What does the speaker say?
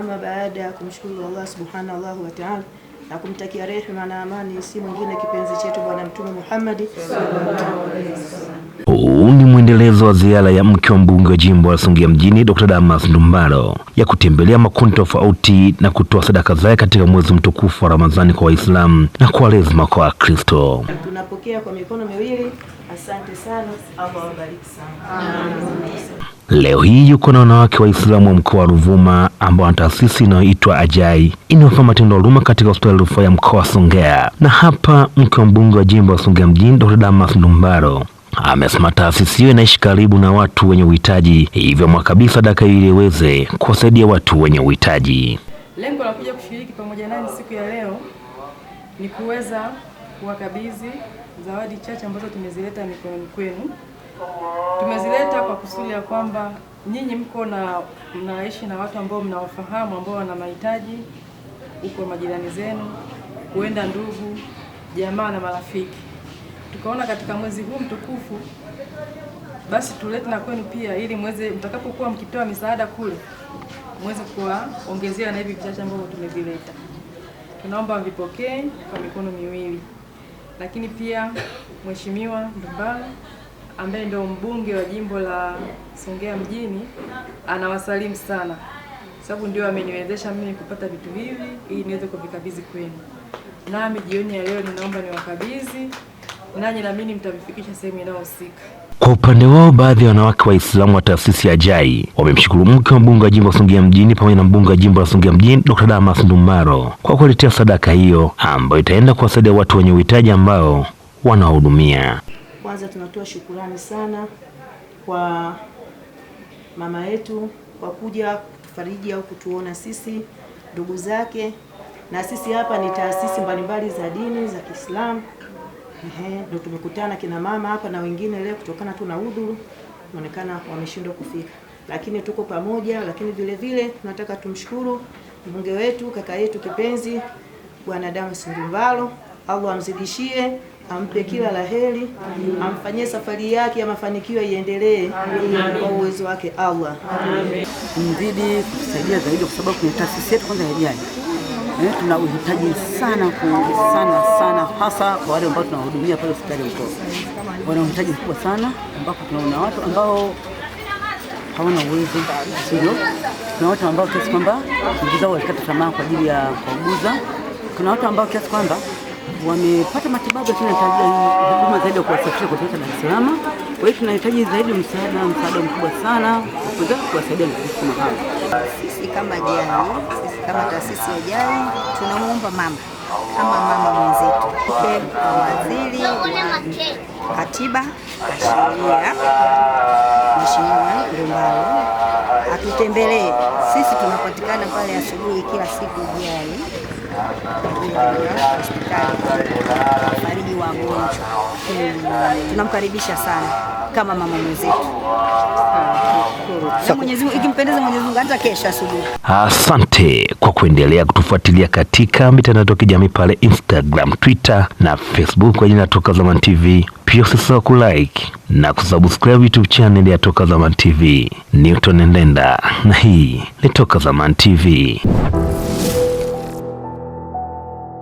Ama baada ya kumshukuru Allah subhanahu wa ta'ala na kumtakia rehema na amani si mwingine kipenzi chetu Bwana Mtume Muhammad sallallahu alaihi wasallam. Huu ni mwendelezo wa ziara ya mke wa mbunge wa jimbo la Songea mjini Dr. Damas Ndumbaro ya kutembelea makundi tofauti na kutoa sadaka zake katika mwezi mtukufu wa Ramadhani kwa Waislamu na kwa lazima kwa Wakristo. Tunapokea kwa mikono miwili. Asante sana. Allah awabariki sana. Amen. Leo hii yuko na wanawake Waislamu wa mkoa wa Ruvuma ambao wana taasisi inayoitwa Ajai inayofanya matendo ya huruma katika hospitali rufaa ya mkoa wa Songea. Na hapa mke wa mbunge wa jimbo la Songea mjini Dr. Damas Ndumbaro amesema taasisi hiyo inaishi karibu na watu wenye uhitaji, hivyo mwa kabisa daka ili iweze kuwasaidia watu wenye uhitaji. Lengo la kuja kushiriki pamoja nani siku ya leo ni kuweza kuwakabidhi zawadi chache ambazo tumezileta mikononi kwenu ya kwamba nyinyi mko na mnaishi na watu ambao mnawafahamu ambao wana mahitaji huko, majirani zenu, huenda ndugu, jamaa na marafiki. Tukaona katika mwezi huu mtukufu, basi tulete na kwenu pia, ili mweze mtakapokuwa mkitoa misaada kule mweze kuwaongezea na hivi vichache ambavyo tumevileta. Tunaomba vipokee kwa mikono miwili, lakini pia Mheshimiwa Ndumbaro ambaye ndio mbunge wa jimbo la Songea mjini anawasalimu sana, sababu ndio ameniwezesha mimi kupata vitu hivi ili niweze kuvikabidhi kwenu. Nami jioni ya leo ninaomba niwakabidhi nanyi, naamini mtavifikisha sehemu inayohusika. Kwa upande wao baadhi ya wanawake Waislamu wa taasisi ya JAI wamemshukuru mke wa mbunge wa jimbo la Songea mjini pamoja na mbunge wa jimbo la Songea mjini Dr. Damas Ndumaro kwa kuletea sadaka hiyo ambayo itaenda kuwasaidia watu wenye uhitaji ambao wanawahudumia. Kwanza tunatoa shukurani sana kwa mama yetu kwa kuja kutufariji au kutuona sisi ndugu zake, na sisi hapa ni taasisi mbalimbali za dini za Kiislamu ndio tumekutana kina mama hapa na wengine leo, kutokana tu na udhuru inaonekana wameshindwa kufika, lakini tuko pamoja. Lakini vile vile tunataka tumshukuru mbunge wetu kaka yetu kipenzi Bwana Damas Ndumbaro, Allah amzidishie ampe kila la heri, amfanyie safari yake ya mafanikio iendelee kwa uwezo wake Allah. Mzidi kusaidia zaidi, kwa sababu kwenye taasisi yetu kwanza yajai eh, tuna uhitaji sana sana sana, hasa kwa wale ambao tunawahudumia pale hospitali ya mkoa, wana uhitaji mkubwa sana, ambapo tunaona watu ambao hawana uwezo, sio? Kuna watu ambao kiasi kwamba ndugu zao walikata tamaa kwa ajili ya kuuguza, Kuna watu ambao kiasi kwamba wamepata matibabu, lakini anahitaji huduma zaidi ya kuwasafirisha kutoka Dar es Salaam. Kwa hiyo tunahitaji zaidi msaada, msaada mkubwa sana kuweza kuwasaidia ndugu zetu kama Sisi kama JAI, sisi kama taasisi ya JAI tunamwomba mama kama mama mwenzetu waziri wa katiba na sheria, Mheshimiwa Ndumbaro atutembelee sisi. Tunapatikana pale asubuhi kila siku JAI hospitali wagonjwa. Hmm, tunamkaribisha sana kama mama mwenzetu. Mwenyezi Mungu ikimpendeza Mwenyezi Mungu hata kesho asubuhi. Asante kwa kuendelea kutufuatilia katika mitandao ya kijamii pale Instagram, Twitter na Facebook kwa jina Toka Zamani TV. Pia usisahau kulike na kusubscribe YouTube channel ya Toka Zamani TV. Newton Ndenda na hii ni Toka Zamani TV.